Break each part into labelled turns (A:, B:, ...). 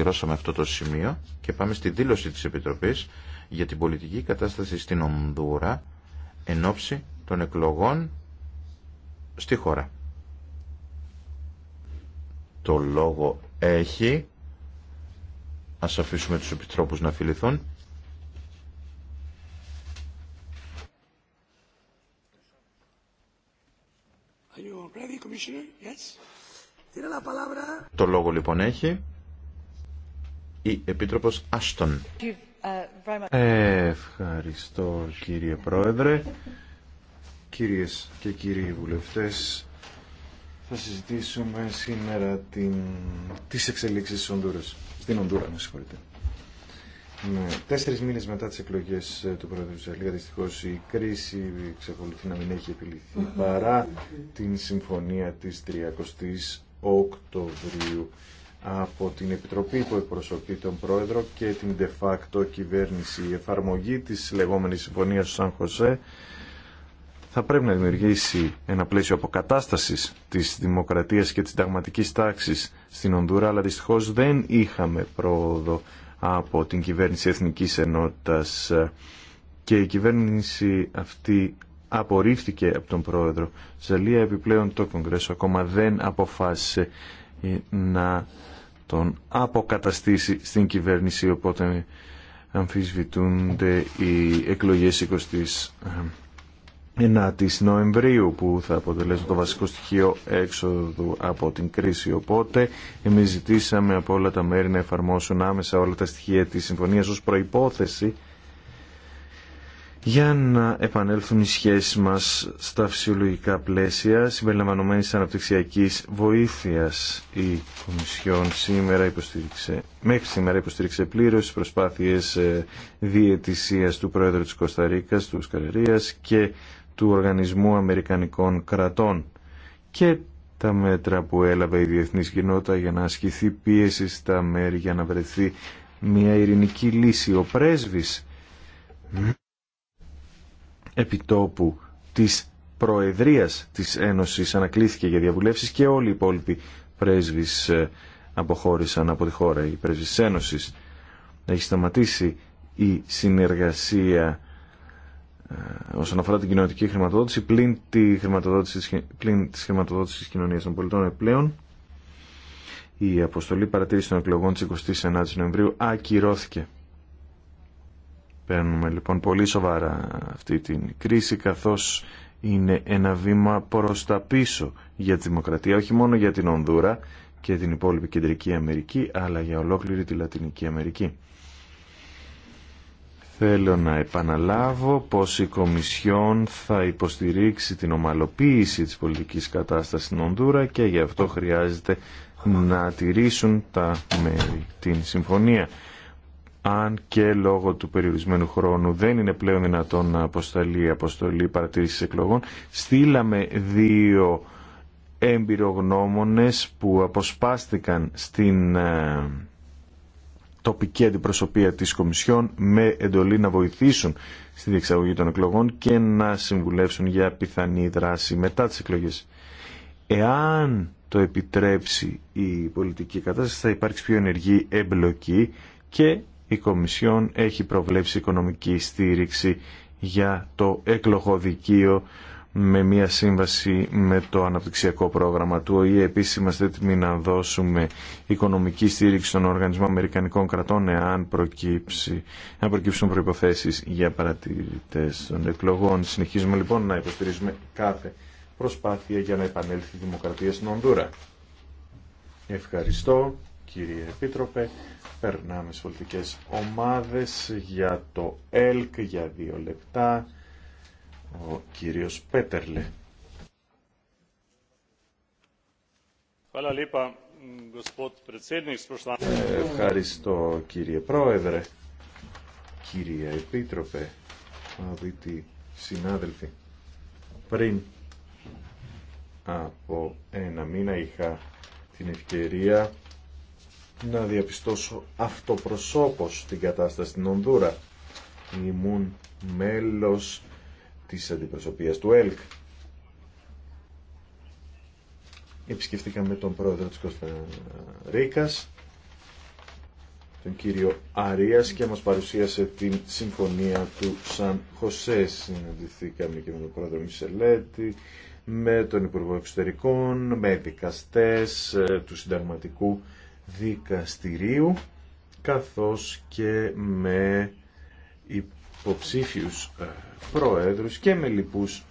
A: ολοκληρώσαμε αυτό το σημείο και πάμε στη δήλωση της Επιτροπής για την πολιτική κατάσταση στην Ονδούρα εν ώψη των εκλογών στη χώρα. Το λόγο έχει. Ας αφήσουμε τους επιτρόπους να φιληθούν. Το λόγο λοιπόν έχει η Επίτροπος Άστον. Ευχαριστώ
B: κύριε Πρόεδρε. Κυρίες και κύριοι βουλευτές, θα συζητήσουμε σήμερα την... τις εξελίξεις της Στην Ονδούρα, με συγχωρείτε. Ναι, τέσσερις μήνες μετά τις εκλογές του Πρόεδρου της δυστυχώς η κρίση εξακολουθεί να μην έχει επιληθεί παρά την συμφωνία της 30ης Οκτωβρίου από την Επιτροπή που εκπροσωπεί τον Πρόεδρο και την de facto κυβέρνηση. Η εφαρμογή της λεγόμενης συμφωνίας του Σαν Χωσέ θα πρέπει να δημιουργήσει ένα πλαίσιο αποκατάστασης της δημοκρατίας και της συνταγματική τάξης στην Ονδούρα, αλλά δυστυχώ δεν είχαμε πρόοδο από την κυβέρνηση Εθνικής Ενότητας και η κυβέρνηση αυτή απορρίφθηκε από τον πρόεδρο Ζαλία. Επιπλέον το Κογκρέσο ακόμα δεν αποφάσισε ε, να τον αποκαταστήσει στην κυβέρνηση οπότε αμφισβητούνται οι εκλογές 29 ε, της Νοεμβρίου που θα αποτελέσουν το βασικό στοιχείο έξοδου από την κρίση. Οπότε εμείς ζητήσαμε από όλα τα μέρη να εφαρμόσουν άμεσα όλα τα στοιχεία της συμφωνίας ως προϋπόθεση για να επανέλθουν οι σχέσεις μας στα φυσιολογικά πλαίσια συμπεριλαμβανομένης αναπτυξιακή βοήθειας. Η Κομισιόν σήμερα υποστήριξε, μέχρι σήμερα υποστήριξε πλήρως τι προσπάθειες ε, διαιτησία του Πρόεδρου της Κωνσταντίνα, του Σκαλερίας και του Οργανισμού Αμερικανικών Κρατών και τα μέτρα που έλαβε η Διεθνή κοινότητα για να ασκηθεί πίεση στα μέρη για να βρεθεί μια ειρηνική λύση. Ο επιτόπου της Προεδρίας της Ένωσης ανακλήθηκε για διαβουλεύσεις και όλοι οι υπόλοιποι πρέσβεις ε, αποχώρησαν από τη χώρα, η πρέσβεις της Ένωσης. Έχει σταματήσει η συνεργασία ε, όσον αφορά την κοινωνική χρηματοδότηση πλην, τη χρηματοδότηση, πλην της χρηματοδότησης της κοινωνίας των πολιτών Επλέον, Η αποστολή παρατήρηση των εκλογών της 29ης Νοεμβρίου ακυρώθηκε. Παίρνουμε λοιπόν πολύ σοβαρά αυτή την κρίση καθώς είναι ένα βήμα προς τα πίσω για τη δημοκρατία, όχι μόνο για την Ονδούρα και την υπόλοιπη Κεντρική Αμερική, αλλά για ολόκληρη τη Λατινική Αμερική. Θέλω να επαναλάβω πως η Κομισιόν θα υποστηρίξει την ομαλοποίηση της πολιτικής κατάστασης στην Ονδούρα και γι' αυτό χρειάζεται να τηρήσουν τα μέρη την συμφωνία αν και λόγω του περιορισμένου χρόνου δεν είναι πλέον δυνατόν να αποσταλεί αποστολή παρατήρησης εκλογών, στείλαμε δύο εμπειρογνώμονες που αποσπάστηκαν στην ε, τοπική αντιπροσωπεία της Κομισιόν με εντολή να βοηθήσουν στη διεξαγωγή των εκλογών και να συμβουλεύσουν για πιθανή δράση μετά τις εκλογές. Εάν το επιτρέψει η πολιτική κατάσταση θα υπάρξει πιο ενεργή εμπλοκή και η Κομισιόν έχει προβλέψει οικονομική στήριξη για το εκλογοδικείο με μια σύμβαση με το αναπτυξιακό πρόγραμμα του ΟΗΕ. Επίσης είμαστε έτοιμοι να δώσουμε οικονομική στήριξη στον Οργανισμό Αμερικανικών Κρατών εάν προκύψει, προκύψουν προϋποθέσεις για παρατηρητές των εκλογών. Συνεχίζουμε λοιπόν να υποστηρίζουμε κάθε προσπάθεια για να επανέλθει η δημοκρατία στην Ονδούρα. Ευχαριστώ κύριε Επίτροπε. Περνάμε στις πολιτικές ομάδες για το ΕΛΚ για δύο λεπτά. Ο κύριος Πέτερλε. Ευχαριστώ κύριε Πρόεδρε, κύριε Επίτροπε, αδίτη συνάδελφοι. Πριν από ένα μήνα είχα την ευκαιρία να διαπιστώσω αυτοπροσώπως την κατάσταση στην Ονδούρα. Ήμουν μέλος της αντιπροσωπείας του ΕΛΚ. Επισκεφτήκαμε τον πρόεδρο της Ρίκας, τον κύριο Αρίας και μας παρουσίασε την συμφωνία του Σαν Χωσέ. Συναντηθήκαμε και με τον πρόεδρο Μισελέτη, με τον Υπουργό Εξωτερικών, με δικαστές ε, του συνταγματικού δικαστηρίου καθώς και με υποψήφιους ε, προέδρους και με λοιπούς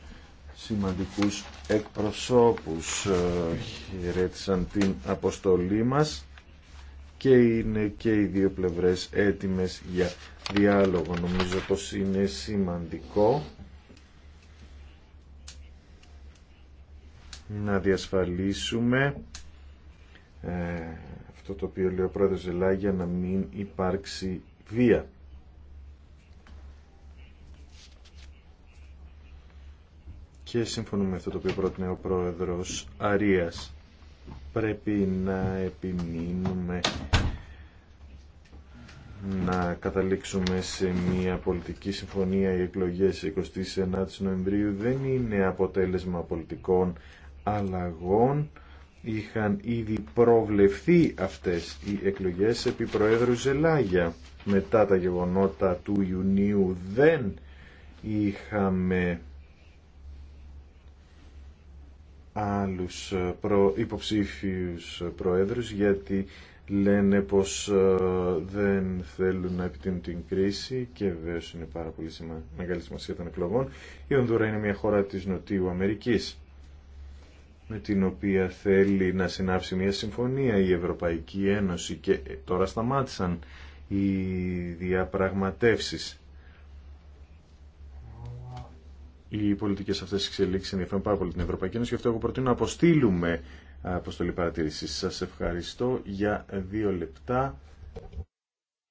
B: σημαντικούς εκπροσώπους ε, χαιρέτησαν την αποστολή μας και είναι και οι δύο πλευρές έτοιμες για διάλογο. Νομίζω πως είναι σημαντικό να διασφαλίσουμε ε, το οποίο λέει ο πρόεδρος Ζελά για να μην υπάρξει βία. Και συμφωνούμε με αυτό το οποίο πρότεινε ο πρόεδρος Αρίας. Πρέπει να επιμείνουμε να καταλήξουμε σε μια πολιτική συμφωνία οι εκλογές 29 Νοεμβρίου δεν είναι αποτέλεσμα πολιτικών αλλαγών είχαν ήδη προβλεφθεί αυτές οι εκλογές επί Προέδρου Ζελάγια. Μετά τα γεγονότα του Ιουνίου δεν είχαμε άλλους ε, προ... υποψήφιους Προέδρους γιατί λένε πως ε, δεν θέλουν να επιτείνουν την κρίση και βέβαια είναι πάρα πολύ σημα... μεγάλη σημασία των εκλογών. Η Ονδούρα είναι μια χώρα της Νοτιού Αμερικής με την οποία θέλει να συνάψει μια συμφωνία η Ευρωπαϊκή Ένωση και τώρα σταμάτησαν οι διαπραγματεύσεις. Οι πολιτικές αυτές εξελίξεις ενδιαφέρουν πάρα πολύ την Ευρωπαϊκή Ένωση και αυτό εγώ προτείνω να αποστείλουμε αποστολή παρατήρηση. Σας ευχαριστώ για δύο λεπτά.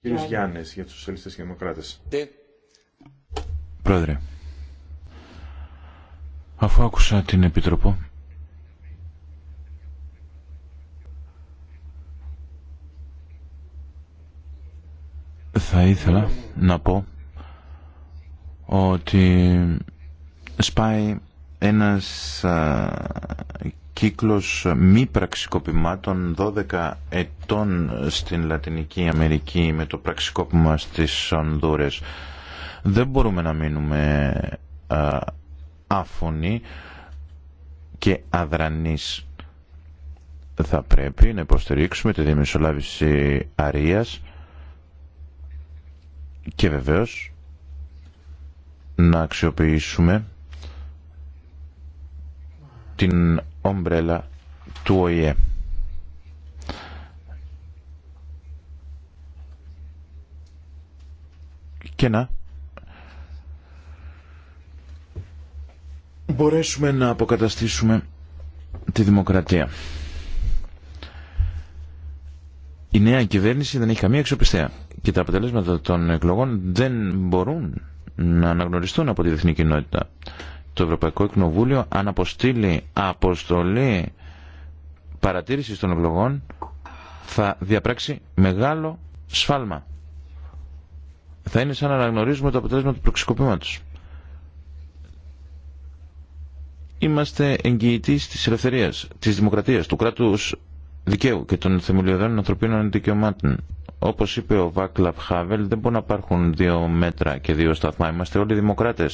B: Κύριος Γιάννης για τους Σοσιαλιστές και Δημοκράτες. Ναι.
A: Πρόεδρε, αφού άκουσα την Επίτροπο, Θα ήθελα να πω ότι σπάει ένας κύκλος μη πραξικοπημάτων 12 ετών στην Λατινική Αμερική με το πραξικόπημα στις Ονδούρες. Δεν μπορούμε να μείνουμε άφωνοι και αδρανείς. Θα πρέπει να υποστηρίξουμε τη διαμεσολάβηση Αρίας και βεβαίως να αξιοποιήσουμε την ομπρέλα του ΟΗΕ. Και να μπορέσουμε να αποκαταστήσουμε τη δημοκρατία. Η νέα κυβέρνηση δεν έχει καμία αξιοπιστία και τα αποτελέσματα των εκλογών δεν μπορούν να αναγνωριστούν από τη διεθνή κοινότητα. Το Ευρωπαϊκό Κοινοβούλιο αν αποστείλει αποστολή παρατήρηση των εκλογών θα διαπράξει μεγάλο σφάλμα. Θα είναι σαν να αναγνωρίζουμε το αποτέλεσμα του προξικοπήματος. Είμαστε εγγυητής της ελευθερίας, της δημοκρατίας, του κράτους δικαίου και των θεμελιωδών ανθρωπίνων δικαιωμάτων. Όπω είπε ο Βάκλαβ Χάβελ, δεν μπορούν να υπάρχουν δύο μέτρα και δύο σταθμά. Είμαστε όλοι δημοκράτε.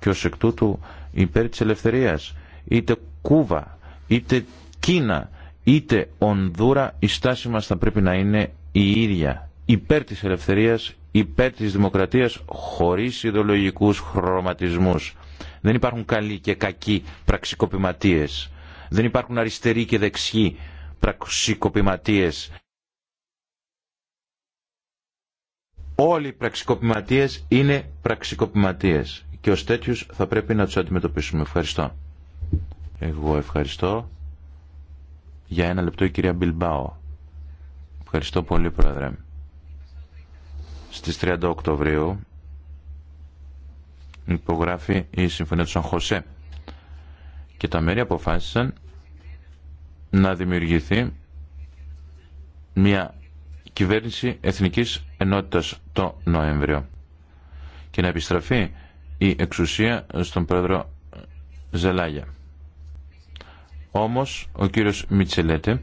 A: Και ω εκ τούτου υπέρ τη ελευθερία. Είτε Κούβα, είτε Κίνα, είτε Ονδούρα, η στάση μα θα πρέπει να είναι η ίδια. Υπέρ τη ελευθερία, υπέρ τη δημοκρατία, χωρί ιδεολογικού χρωματισμού. Δεν υπάρχουν καλοί και κακοί πραξικοπηματίε. Δεν υπάρχουν αριστεροί και δεξιοί πραξικοπηματίες. Όλοι οι πραξικοπηματίες είναι πραξικοπηματίες και ως τέτοιους θα πρέπει να τους αντιμετωπίσουμε. Ευχαριστώ. Εγώ ευχαριστώ. Για ένα λεπτό η κυρία Μπιλμπάο. Ευχαριστώ πολύ πρόεδρε. Στις 30 Οκτωβρίου υπογράφει η Συμφωνία του Σαν Χωσέ και τα μέρη αποφάσισαν να δημιουργηθεί μια κυβέρνηση εθνικής ενότητας το Νοέμβριο και να επιστραφεί η εξουσία στον πρόεδρο Ζελάγια. Όμως ο κύριος Μιτσελέτε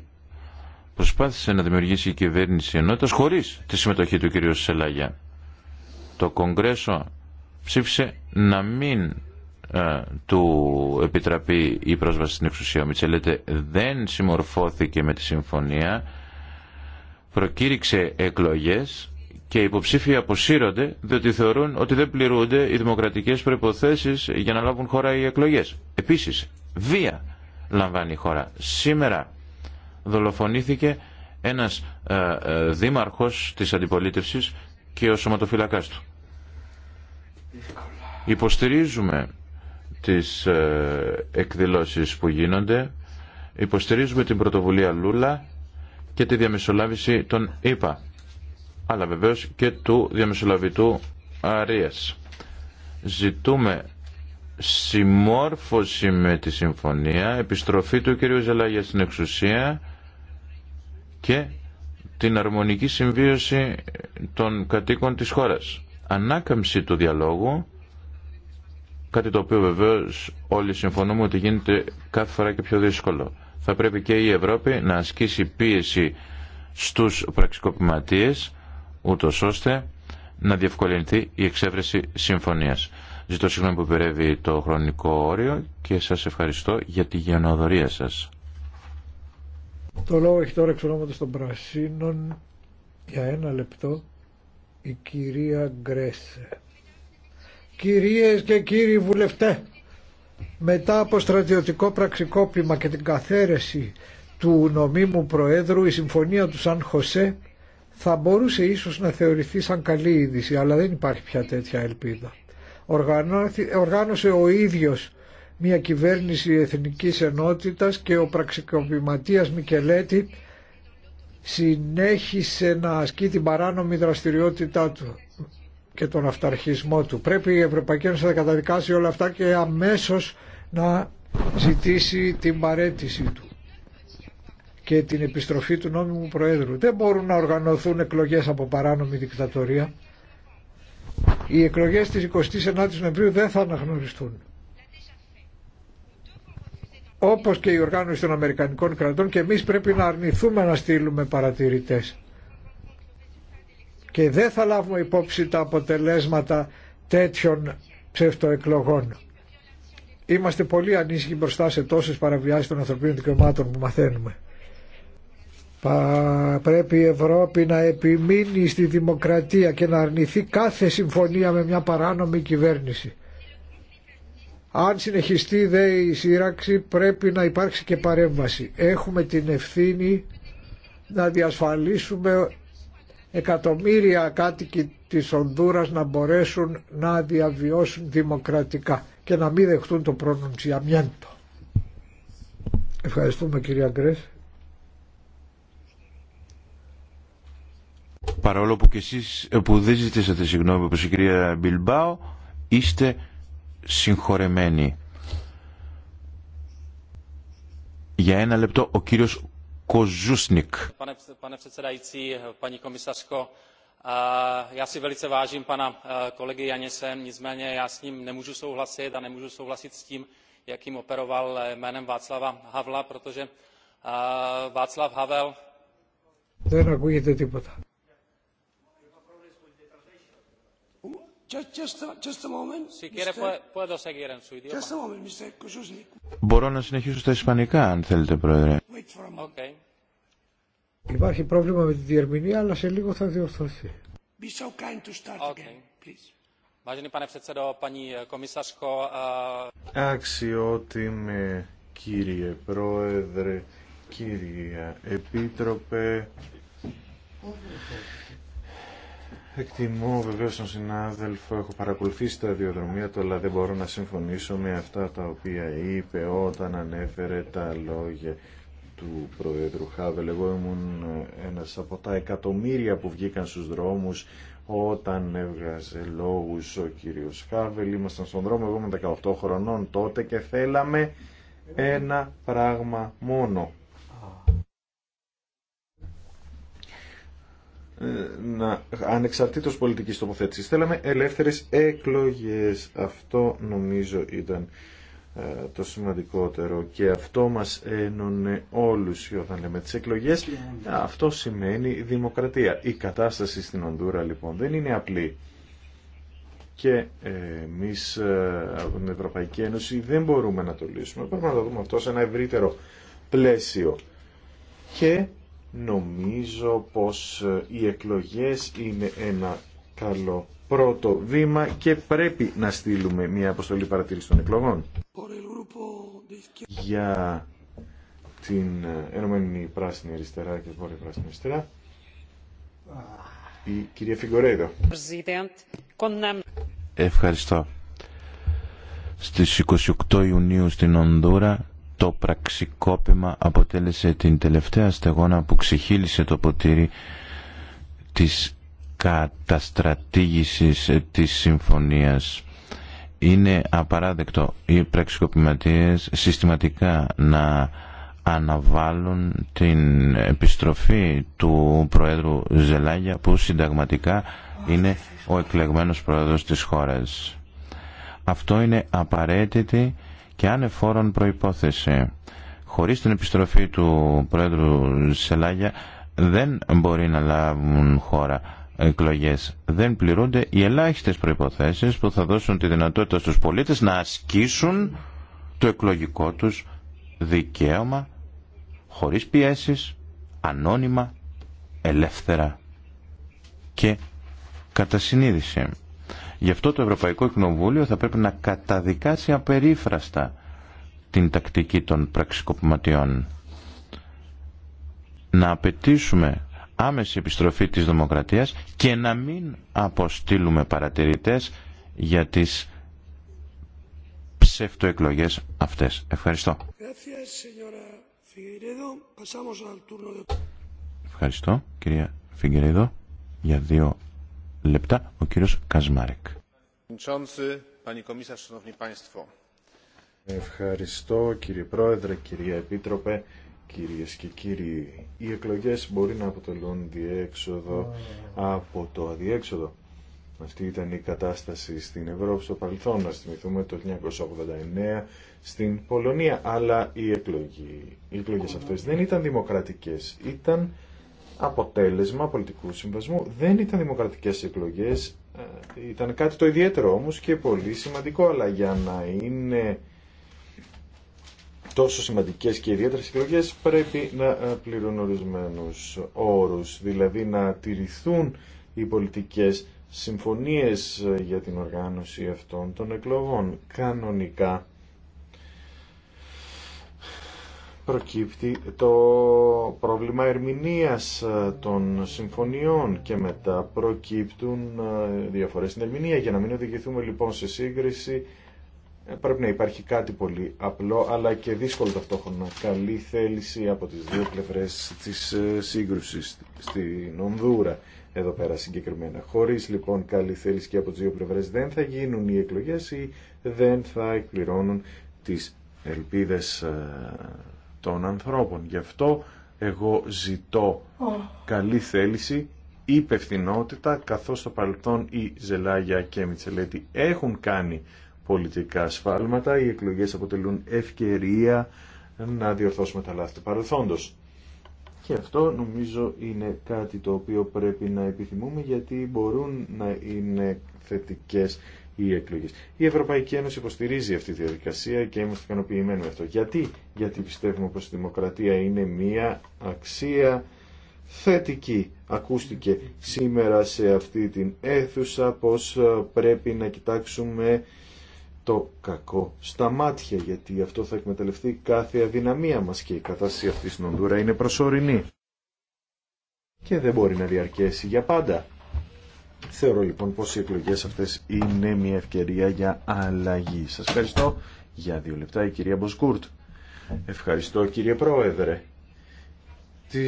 A: προσπάθησε να δημιουργήσει η κυβέρνηση ενότητας χωρίς τη συμμετοχή του κύριου Ζελάγια. Το Κογκρέσο ψήφισε να μην ε, του επιτραπεί η πρόσβαση στην εξουσία. Ο δεν συμμορφώθηκε με τη συμφωνία, προκήρυξε εκλογές και οι υποψήφοι αποσύρονται διότι θεωρούν ότι δεν πληρούνται οι δημοκρατικές προϋποθέσεις για να λάβουν χώρα οι εκλογές. Επίσης, βία λαμβάνει η χώρα. Σήμερα δολοφονήθηκε ένας ε, ε, δήμαρχος της αντιπολίτευσης και ο σωματοφυλακάς του. Υποστηρίζουμε τις ε, εκδηλώσεις που γίνονται. Υποστηρίζουμε την πρωτοβουλία Λούλα και τη διαμεσολάβηση των ΙΠΑ, αλλά βεβαίως και του διαμεσολαβητού Αρίας. Ζητούμε συμμόρφωση με τη συμφωνία, επιστροφή του κυρίου Ζελάγια στην εξουσία και την αρμονική συμβίωση των κατοίκων της χώρας. Ανάκαμψη του διαλόγου Κάτι το οποίο βεβαίω όλοι συμφωνούμε ότι γίνεται κάθε φορά και πιο δύσκολο. Θα πρέπει και η Ευρώπη να ασκήσει πίεση στους πραξικοπηματίες, ούτω ώστε να διευκολυνθεί η εξέβρεση συμφωνίας. Ζητώ συγγνώμη που περεύει το χρονικό όριο και σας ευχαριστώ για τη γενοδορία
C: σας. Το λόγο έχει τώρα εξ των Πρασίνων για ένα λεπτό η κυρία Γκρέσε. Κυρίες και κύριοι βουλευτέ, μετά από στρατιωτικό πραξικόπημα και την καθαίρεση του νομίμου Προέδρου, η συμφωνία του Σαν Χωσέ θα μπορούσε ίσως να θεωρηθεί σαν καλή είδηση, αλλά δεν υπάρχει πια τέτοια ελπίδα. Οργάνωσε ο ίδιος μια κυβέρνηση εθνικής ενότητας και ο πραξικοπηματίας Μικελέτη συνέχισε να ασκεί την παράνομη δραστηριότητά του και τον αυταρχισμό του. Πρέπει η Ευρωπαϊκή Ένωση να καταδικάσει όλα αυτά και αμέσως να ζητήσει την παρέτησή του και την επιστροφή του νόμιμου Προέδρου. Δεν μπορούν να οργανωθούν εκλογές από παράνομη δικτατορία. Οι εκλογές της 29 η Νοεμβρίου δεν θα αναγνωριστούν. Όπως και η οργάνωση των Αμερικανικών κρατών και εμείς πρέπει να αρνηθούμε να στείλουμε παρατηρητές και δεν θα λάβουμε υπόψη τα αποτελέσματα τέτοιων ψευτοεκλογών. Είμαστε πολύ ανήσυχοι μπροστά σε τόσες παραβιάσεις των ανθρωπίνων δικαιωμάτων που μαθαίνουμε. Πρέπει η Ευρώπη να επιμείνει στη δημοκρατία και να αρνηθεί κάθε συμφωνία με μια παράνομη κυβέρνηση. Αν συνεχιστεί δε η σύραξη πρέπει να υπάρξει και παρέμβαση. Έχουμε την ευθύνη να διασφαλίσουμε εκατομμύρια κάτοικοι της Ονδούρας να μπορέσουν να διαβιώσουν δημοκρατικά και να μην δεχτούν το προνομτσιαμιέντο. Ευχαριστούμε κυρία Γκρέσ.
A: Παρόλο που και εσείς ε, που δεν ζητήσατε συγγνώμη προς η κυρία Μπιλμπάου, είστε συγχωρεμένοι. Για ένα λεπτό ο κύριος Pane předsedající, paní komisařko, já si velice vážím pana kolegy Janise, nicméně já s ním nemůžu souhlasit a nemůžu souhlasit s tím, jakým operoval jménem Václava Havla, protože Václav Havel... Μπορώ να συνεχίσω στα ισπανικά, αν θέλετε, okay.
C: Υπάρχει πρόβλημα με τη διερμηνία, αλλά σε λίγο θα διορθωθεί.
A: Be so kind to start okay. again, please. Eh, eh,
B: Αξιότιμε κύριε Πρόεδρε, κύριε Επίτροπε, εκτιμώ βεβαίω τον συνάδελφο, έχω παρακολουθήσει τα διοδρομία του, αλλά δεν μπορώ να συμφωνήσω με αυτά τα οποία είπε όταν ανέφερε τα λόγια του Προέδρου Χάβελ. Εγώ ήμουν ένας από τα εκατομμύρια που βγήκαν στους δρόμους όταν έβγαζε λόγους ο κύριος Χάβελ. Ήμασταν στον δρόμο, εγώ ήμουν 18 χρονών τότε και θέλαμε ένα πράγμα μόνο. Ε, να, ανεξαρτήτως πολιτικής τοποθέτησης. Θέλαμε ελεύθερες εκλογές. Αυτό νομίζω ήταν ε, το σημαντικότερο και αυτό μας ένωνε όλους όταν λέμε τις εκλογές αυτό σημαίνει δημοκρατία η κατάσταση στην Ονδούρα λοιπόν δεν είναι απλή και ε, εμεί από ε, την Ευρωπαϊκή Ένωση δεν μπορούμε να το λύσουμε πρέπει να το δούμε αυτό σε ένα ευρύτερο πλαίσιο και νομίζω πως οι εκλογές είναι ένα καλό πρώτο βήμα και πρέπει να στείλουμε μια αποστολή παρατήρηση των εκλογών. Για την ε, Ενωμένη Πράσινη Αριστερά και Βόρεια Πράσινη Αριστερά. Η κυρία Φιγκορέδο.
A: Ευχαριστώ. Στις 28 Ιουνίου στην Ονδούρα το πραξικόπημα αποτέλεσε την τελευταία στεγόνα που ξεχύλισε το ποτήρι της καταστρατήγησης της συμφωνίας. Είναι απαράδεκτο οι πραξικοπηματίες συστηματικά να αναβάλουν την επιστροφή του Προέδρου Ζελάγια που συνταγματικά είναι ο εκλεγμένος Πρόεδρος της χώρας. Αυτό είναι απαραίτητη και ανεφόρον προϋπόθεση. Χωρίς την επιστροφή του Πρόεδρου Ζελάγια δεν μπορεί να λάβουν χώρα εκλογές. Δεν πληρούνται οι ελάχιστες προϋποθέσεις που θα δώσουν τη δυνατότητα στους πολίτες να ασκήσουν το εκλογικό τους δικαίωμα χωρίς πιέσεις, ανώνυμα, ελεύθερα και κατά συνείδηση. Γι' αυτό το Ευρωπαϊκό Κοινοβούλιο θα πρέπει να καταδικάσει απερίφραστα την τακτική των πραξικοπηματιών. Να απαιτήσουμε άμεση επιστροφή της δημοκρατίας και να μην αποστείλουμε παρατηρητές για τις ψευτοεκλογές αυτές. Ευχαριστώ. Ευχαριστώ κυρία Φιγκερίδο. Για δύο λεπτά ο κύριος Κασμάρεκ.
B: Ευχαριστώ κύριε Πρόεδρε, κυρία Επίτροπε κυρίες και κύριοι. Οι εκλογές μπορεί να αποτελούν διέξοδο από το αδιέξοδο. Αυτή ήταν η κατάσταση στην Ευρώπη στο παρελθόν, να θυμηθούμε το 1989 στην Πολωνία. Αλλά οι, εκλογή, οι εκλογές αυτές δεν ήταν δημοκρατικές, ήταν αποτέλεσμα πολιτικού συμβασμού. Δεν ήταν δημοκρατικές εκλογές, ε, ήταν κάτι το ιδιαίτερο όμως και πολύ σημαντικό, αλλά για να είναι τόσο σημαντικές και ιδιαίτερε εκλογέ πρέπει να ε, πληρούν ορισμένου όρου, δηλαδή να τηρηθούν οι πολιτικές συμφωνίες ε, για την οργάνωση αυτών των εκλογών. Κανονικά προκύπτει το πρόβλημα ερμηνείας ε, των συμφωνιών και μετά προκύπτουν διαφορές στην ερμηνεία. Για να μην οδηγηθούμε λοιπόν σε σύγκριση ε, πρέπει να υπάρχει κάτι πολύ απλό αλλά και δύσκολο ταυτόχρονα. Καλή θέληση από τις δύο πλευρές της ε, σύγκρουσης στην Ονδούρα εδώ πέρα συγκεκριμένα. Χωρίς λοιπόν καλή θέληση και από τις δύο πλευρές δεν θα γίνουν οι εκλογές ή δεν θα εκπληρώνουν τις ελπίδες ε, των ανθρώπων. Γι' αυτό εγώ ζητώ καλή θέληση υπευθυνότητα καθώς στο παρελθόν η Ζελάγια και η Μιτσελέτη έχουν κάνει πολιτικά σφάλματα. Οι εκλογές αποτελούν ευκαιρία να διορθώσουμε τα λάθη του παρελθόντος. Και αυτό νομίζω είναι κάτι το οποίο πρέπει να επιθυμούμε γιατί μπορούν να είναι θετικές οι εκλογές. Η Ευρωπαϊκή Ένωση υποστηρίζει αυτή τη διαδικασία και είμαστε ικανοποιημένοι με αυτό. Γιατί, γιατί πιστεύουμε πως η δημοκρατία είναι μία αξία θετική. Ακούστηκε σήμερα σε αυτή την αίθουσα πως ε, πρέπει να κοιτάξουμε το κακό στα μάτια, γιατί αυτό θα εκμεταλλευτεί κάθε αδυναμία μας και η κατάσταση αυτή στην Ονδούρα είναι προσωρινή. Και δεν μπορεί να διαρκέσει για πάντα. Θεωρώ λοιπόν πως οι εκλογές αυτές είναι μια ευκαιρία για αλλαγή. Σας ευχαριστώ για δύο λεπτά η κυρία Μποσκούρτ. Ευχαριστώ κύριε Πρόεδρε τη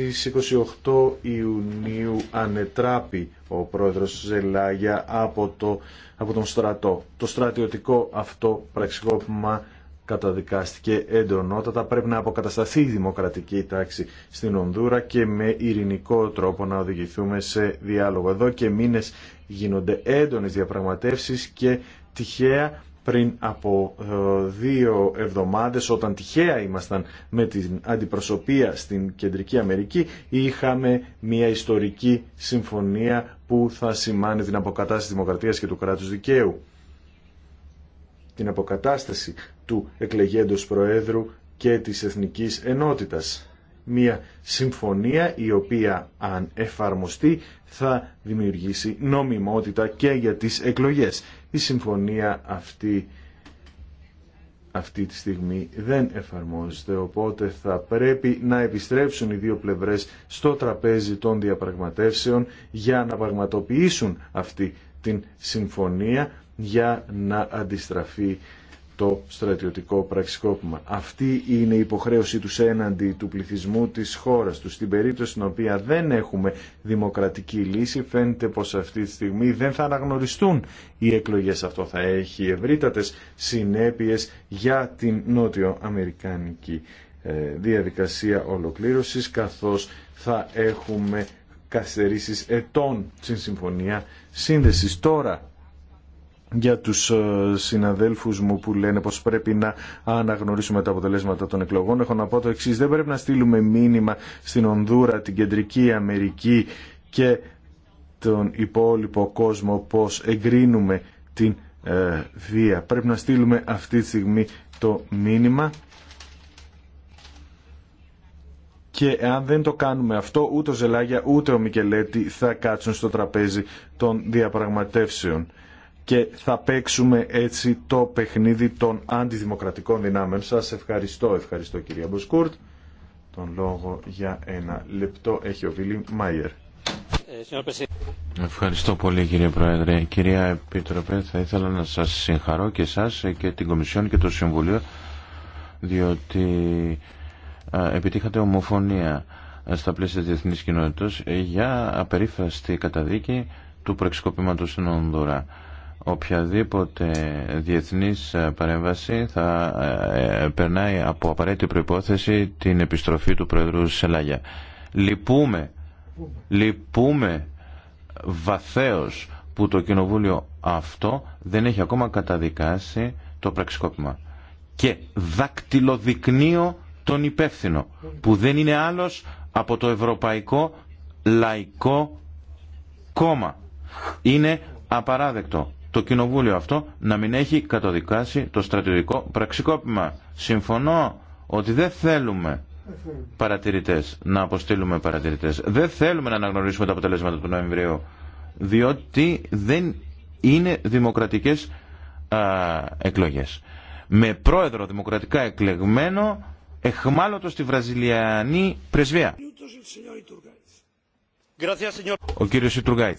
B: 28 Ιουνίου ανετράπη ο πρόεδρος Ζελάγια από, το, από τον στρατό. Το στρατιωτικό αυτό πραξικόπημα καταδικάστηκε εντονότατα. Πρέπει να αποκατασταθεί η δημοκρατική τάξη στην Ονδούρα και με ειρηνικό τρόπο να οδηγηθούμε σε διάλογο. Εδώ και μήνες γίνονται έντονες διαπραγματεύσεις και τυχαία πριν από ε, δύο εβδομάδες όταν τυχαία ήμασταν με την αντιπροσωπεία στην Κεντρική Αμερική είχαμε μια ιστορική συμφωνία που θα σημάνει την αποκατάσταση της δημοκρατίας και του κράτους δικαίου την αποκατάσταση του εκλεγέντος Προέδρου και της Εθνικής Ενότητας. Μία συμφωνία η οποία αν εφαρμοστεί θα δημιουργήσει νομιμότητα και για τις εκλογές. Η συμφωνία αυτή αυτή τη στιγμή δεν εφαρμόζεται, οπότε θα πρέπει να επιστρέψουν οι δύο πλευρές στο τραπέζι των διαπραγματεύσεων για να πραγματοποιήσουν αυτή την συμφωνία για να αντιστραφεί το στρατιωτικό πραξικόπημα. Αυτή είναι η υποχρέωσή τους έναντι του πληθυσμού της χώρας του. Στην περίπτωση στην οποία δεν έχουμε δημοκρατική λύση, φαίνεται πως αυτή τη στιγμή δεν θα αναγνωριστούν οι εκλογές. Αυτό θα έχει ευρύτατες συνέπειες για την Νότιο Αμερικανική ε, διαδικασία ολοκλήρωσης, καθώς θα έχουμε καθυστερήσεις ετών στην Συμφωνία Σύνδεσης. Τώρα για τους ε, συναδέλφους μου που λένε πως πρέπει να αναγνωρίσουμε τα αποτελέσματα των εκλογών. Έχω να πω το εξής, δεν πρέπει να στείλουμε μήνυμα στην Ονδούρα, την Κεντρική Αμερική και τον υπόλοιπο κόσμο πως εγκρίνουμε την ε, βία. Πρέπει να στείλουμε αυτή τη στιγμή το μήνυμα και αν δεν το κάνουμε αυτό ούτε ο Ζελάγια ούτε ο Μικελέτη θα κάτσουν στο τραπέζι των διαπραγματεύσεων και θα παίξουμε έτσι το παιχνίδι των αντιδημοκρατικών δυνάμεων. Σας ευχαριστώ, ευχαριστώ κυρία Μποσκούρτ. Τον λόγο για ένα λεπτό έχει ο Βίλι Μάιερ.
A: Ευχαριστώ πολύ κύριε Πρόεδρε. Κυρία Επίτροπε, θα ήθελα να σας συγχαρώ και εσάς και την Κομισιόν και το Συμβουλίο διότι επιτύχατε ομοφωνία στα πλαίσια της διεθνής κοινότητας για απερίφραστη καταδίκη του προεξικοπήματος στην Ονδουρά οποιαδήποτε διεθνής ε, παρέμβαση θα ε, ε, περνάει από απαραίτητη προϋπόθεση την επιστροφή του Πρόεδρου Σελάγια. Λυπούμε, λυπούμε βαθέως που το Κοινοβούλιο αυτό δεν έχει ακόμα καταδικάσει το πραξικόπημα. Και δακτυλοδεικνύω τον υπεύθυνο που δεν είναι άλλος από το Ευρωπαϊκό Λαϊκό Κόμμα. Είναι απαράδεκτο το κοινοβούλιο αυτό να μην έχει κατοδικάσει το στρατιωτικό πραξικόπημα. Συμφωνώ ότι δεν θέλουμε παρατηρητές, να αποστείλουμε παρατηρητές. Δεν θέλουμε να αναγνωρίσουμε τα αποτελέσματα του Νοεμβρίου, διότι δεν είναι δημοκρατικές α, εκλογές. Με πρόεδρο δημοκρατικά εκλεγμένο, εχμάλωτο στη βραζιλιανή πρεσβεία. Ο κύριος Ιτουργάιτ.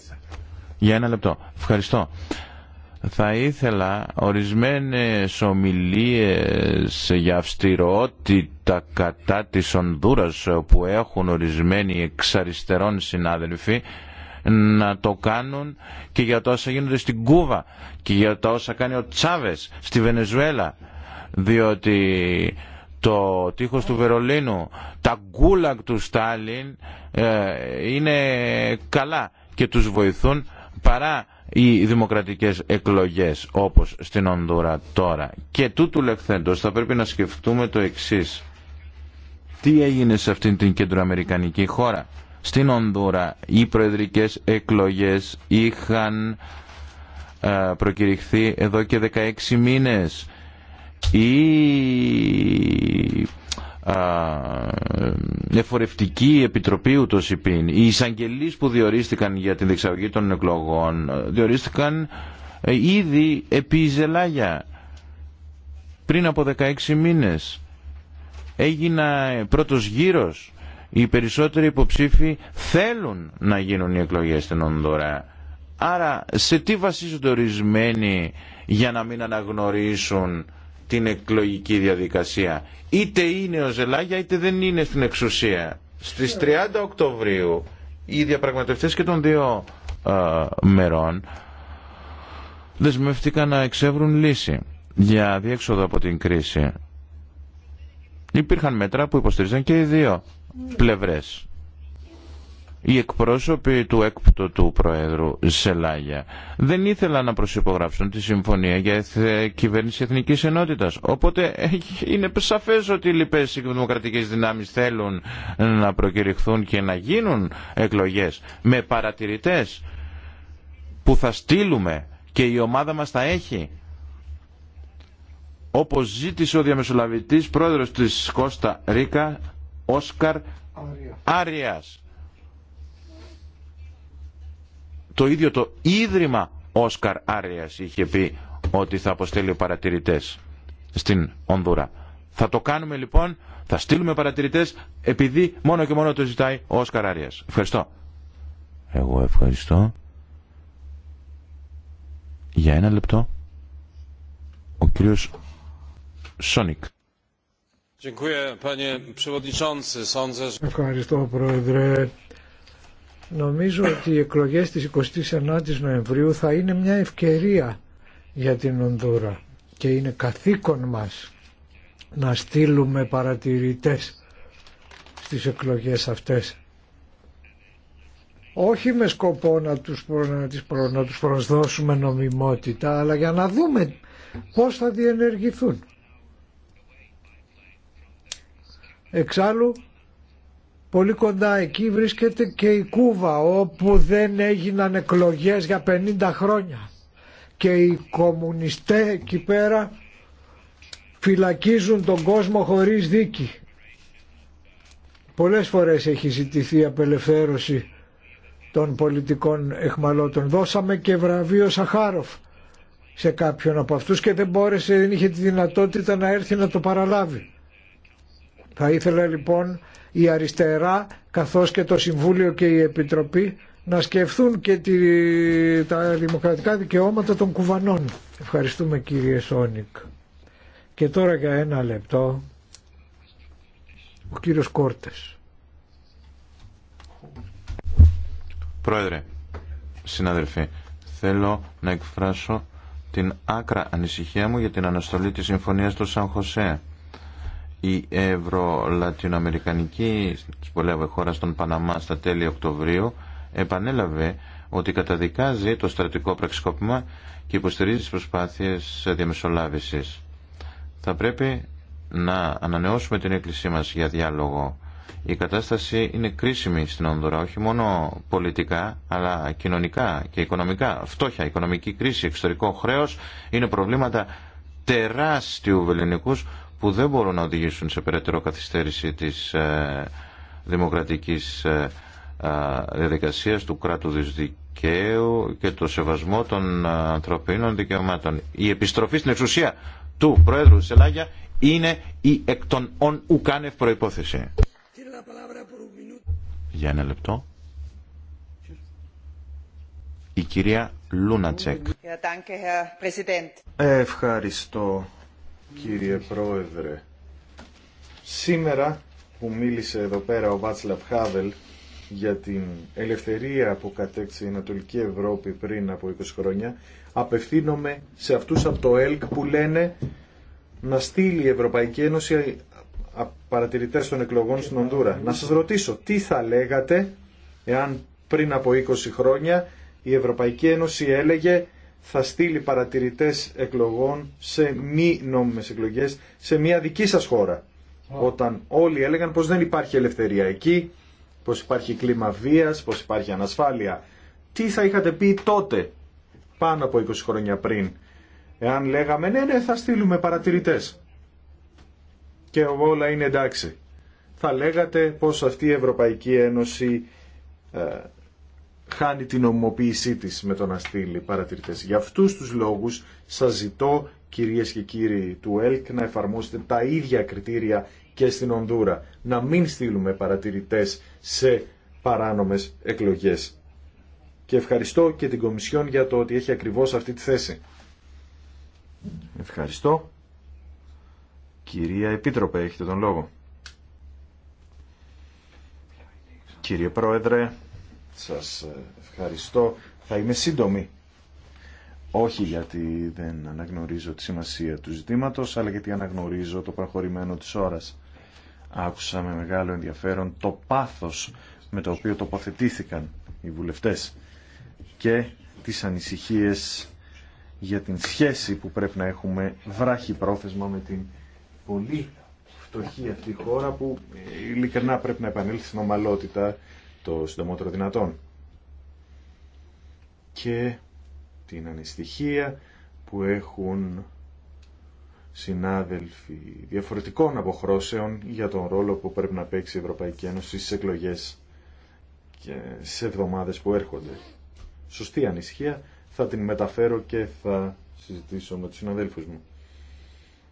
A: Για ένα λεπτό. Ευχαριστώ θα ήθελα ορισμένες ομιλίες για αυστηρότητα κατά της Ονδούρας που έχουν ορισμένοι αριστερών συνάδελφοι να το κάνουν και για τα όσα γίνονται στην Κούβα και για τα όσα κάνει ο Τσάβες στη Βενεζουέλα διότι το τείχος του Βερολίνου, τα γκούλαγκ του Στάλιν ε, είναι καλά και τους βοηθούν παρά οι δημοκρατικές εκλογές όπως στην Ονδούρα τώρα. Και τούτου λεχθέντος θα πρέπει να σκεφτούμε το εξής. Τι έγινε σε αυτήν την κεντροαμερικανική χώρα. Στην Ονδούρα οι προεδρικές εκλογές είχαν ε, προκηρυχθεί εδώ και 16 μήνες. Οι εφορευτική επιτροπή ούτως υπήν. Οι εισαγγελείς που διορίστηκαν για την διεξαγωγή των εκλογών ε, διορίστηκαν ε, ήδη επί Ζελάγια πριν από 16 μήνες. Έγινα ε, πρώτος γύρος. Οι περισσότεροι υποψήφοι θέλουν να γίνουν οι εκλογές στην Ονδωρά. Άρα σε τι βασίζονται ορισμένοι για να μην αναγνωρίσουν την εκλογική διαδικασία. Είτε είναι ο Ζελάγια είτε δεν είναι στην εξουσία. Στις 30 Οκτωβρίου οι διαπραγματευτές και των δύο ε, μερών δεσμεύτηκαν να εξεύρουν λύση για διέξοδο από την κρίση. Υπήρχαν μέτρα που υποστηρίζαν και οι δύο πλευρές οι εκπρόσωποι του έκπτωτου του Προέδρου Σελάγια δεν ήθελαν να προσυπογράψουν τη Συμφωνία για Κυβέρνηση εθνική ενότητα. Οπότε είναι σαφέ ότι οι λοιπές δημοκρατικέ δημοκρατικές δυνάμεις θέλουν να προκηρυχθούν και να γίνουν εκλογές με παρατηρητές που θα στείλουμε και η ομάδα μας θα έχει όπως ζήτησε ο διαμεσολαβητής πρόεδρος της Κώστα Ρίκα, Όσκαρ Άρια. Το ίδιο το ίδρυμα Όσκαρ Άρια είχε πει ότι θα αποστέλει παρατηρητές στην Ονδούρα. Θα το κάνουμε λοιπόν, θα στείλουμε παρατηρητές επειδή μόνο και μόνο το ζητάει ο Όσκαρ Άριας. Ευχαριστώ. Εγώ ευχαριστώ. Για ένα λεπτό. Ο κύριος Σόνικ.
C: Ευχαριστώ πρόεδρε. Νομίζω ότι οι εκλογές της 29ης Νοεμβρίου θα είναι μια ευκαιρία για την Ονδούρα και είναι καθήκον μας να στείλουμε παρατηρητές στις εκλογές αυτές. Όχι με σκοπό να τους, να τους προσδώσουμε νομιμότητα, αλλά για να δούμε πώς θα διενεργηθούν. Εξάλλου Πολύ κοντά εκεί βρίσκεται και η Κούβα όπου δεν έγιναν εκλογές για 50 χρόνια και οι κομμουνιστές εκεί πέρα φυλακίζουν τον κόσμο χωρίς δίκη. Πολλές φορές έχει ζητηθεί απελευθέρωση των πολιτικών εχμαλώτων. Δώσαμε και βραβείο Σαχάροφ σε κάποιον από αυτούς και δεν μπόρεσε, δεν είχε τη δυνατότητα να έρθει να το παραλάβει. Θα ήθελα λοιπόν η αριστερά καθώς και το Συμβούλιο και η Επιτροπή να σκεφτούν και τη, τα δημοκρατικά δικαιώματα των κουβανών. Ευχαριστούμε κύριε Σόνικ. Και τώρα για ένα λεπτό ο κύριος Κόρτες.
A: Πρόεδρε, συνάδελφοι, θέλω να εκφράσω την άκρα ανησυχία μου για την αναστολή της συμφωνίας του Σαν Χωσέ η Ευρω-Λατινοαμερικανική πολέμου χώρα των Παναμά στα τέλη Οκτωβρίου επανέλαβε ότι καταδικάζει το στρατικό πραξικόπημα και υποστηρίζει τις προσπάθειες διαμεσολάβησης. Θα πρέπει να ανανεώσουμε την έκκλησή μας για διάλογο. Η κατάσταση είναι κρίσιμη στην Ονδωρά, όχι μόνο πολιτικά, αλλά κοινωνικά και οικονομικά. Φτώχεια, οικονομική κρίση, εξωτερικό χρέος είναι προβλήματα τεράστιου βεληνικούς που δεν μπορούν να οδηγήσουν σε περαιτέρω καθυστέρηση της ε, δημοκρατικής ε, ε, διαδικασίας του κράτου δικαίου και το σεβασμό των ανθρωπίνων δικαιωμάτων. Η επιστροφή στην εξουσία του Πρόεδρου Σελάγια είναι η εκ των ον ουκάνευ προϋπόθεση. Για ένα λεπτό. Η κυρία Λούνατσεκ. Ευχαριστώ
B: κύριε Πρόεδρε. Σήμερα που μίλησε εδώ πέρα ο Βάτσλαπ Χάβελ για την ελευθερία που κατέκτησε η Ανατολική Ευρώπη πριν από 20 χρόνια, απευθύνομαι σε αυτούς από το ΕΛΚ που λένε να στείλει η Ευρωπαϊκή Ένωση παρατηρητές των εκλογών στην Ονδούρα. Να σας ρωτήσω, τι θα λέγατε εάν πριν από 20 χρόνια η Ευρωπαϊκή Ένωση έλεγε θα στείλει παρατηρητές εκλογών σε μη νόμιμες εκλογέ σε μια δική σα χώρα. Όταν όλοι έλεγαν πως δεν υπάρχει ελευθερία εκεί, πως υπάρχει κλίμα βίας, πως υπάρχει ανασφάλεια. Τι θα είχατε πει τότε, πάνω από 20 χρόνια πριν, εάν λέγαμε ναι, ναι, θα στείλουμε παρατηρητές και όλα είναι εντάξει. Θα λέγατε πως αυτή η Ευρωπαϊκή Ένωση ε, χάνει την ομοποίησή της με το να στείλει παρατηρητές. Για αυτούς τους λόγους σας ζητώ κυρίες και κύριοι του ΕΛΚ να εφαρμόσετε τα ίδια κριτήρια και στην Ονδούρα. Να μην στείλουμε παρατηρητές σε παράνομες εκλογές. Και ευχαριστώ και την Κομισιόν για το ότι έχει ακριβώς αυτή τη θέση. Ευχαριστώ. Κυρία Επίτροπε, έχετε τον λόγο. Κύριε Πρόεδρε, σας ευχαριστώ. Θα είμαι σύντομη. Όχι γιατί δεν αναγνωρίζω τη σημασία του ζητήματος, αλλά γιατί αναγνωρίζω το προχωρημένο της ώρας. Άκουσα με μεγάλο ενδιαφέρον το πάθος με το οποίο τοποθετήθηκαν οι βουλευτές και τις ανησυχίες για την σχέση που πρέπει να έχουμε βράχη πρόθεσμα με την πολύ φτωχή αυτή χώρα που ε, ειλικρινά πρέπει να επανέλθει στην ομαλότητα το συντομότερο δυνατόν. Και την ανησυχία που έχουν συνάδελφοι διαφορετικών αποχρώσεων για τον ρόλο που πρέπει να παίξει η Ευρωπαϊκή Ένωση στις εκλογές και σε εβδομάδες που έρχονται. Σωστή ανησυχία, θα την μεταφέρω και θα συζητήσω με τους συναδέλφους μου.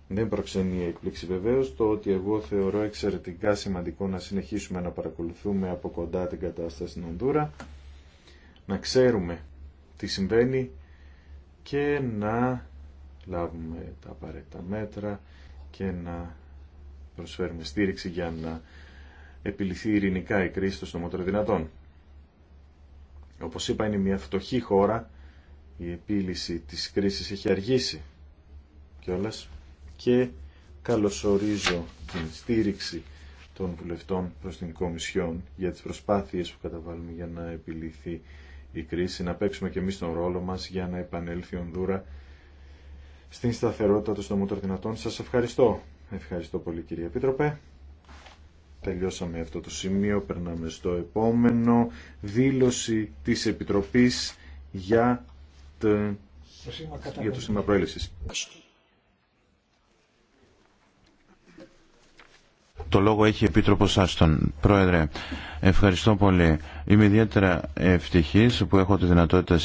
B: Δεν προξενεί έκπληξη βεβαίω το ότι εγώ θεωρώ εξαιρετικά σημαντικό να συνεχίσουμε να παρακολουθούμε από κοντά την κατάσταση στην Ονδούρα, να ξέρουμε τι συμβαίνει και να λάβουμε τα απαραίτητα μέτρα και να προσφέρουμε στήριξη για να επιληθεί ειρηνικά η κρίση των στομότερων δυνατών. Όπως είπα είναι μια φτωχή χώρα, η επίλυση της κρίσης έχει αργήσει κιόλας και καλωσορίζω την στήριξη των βουλευτών προς την Κομισιόν για τις προσπάθειες που καταβάλουμε για να επιληθεί η κρίση, να παίξουμε και εμείς τον ρόλο μας για να επανέλθει η Ονδούρα στην σταθερότητα των συντομότερων δυνατών. Σας ευχαριστώ. Ευχαριστώ πολύ κύριε Επίτροπε. Τελειώσαμε αυτό το σημείο, περνάμε στο επόμενο. Δήλωση της Επιτροπής για το, για το προέλευσης.
A: Το λόγο έχει η Επίτροπος Άστον. Πρόεδρε, ευχαριστώ πολύ. Είμαι ιδιαίτερα ευτυχής που έχω τη δυνατότητα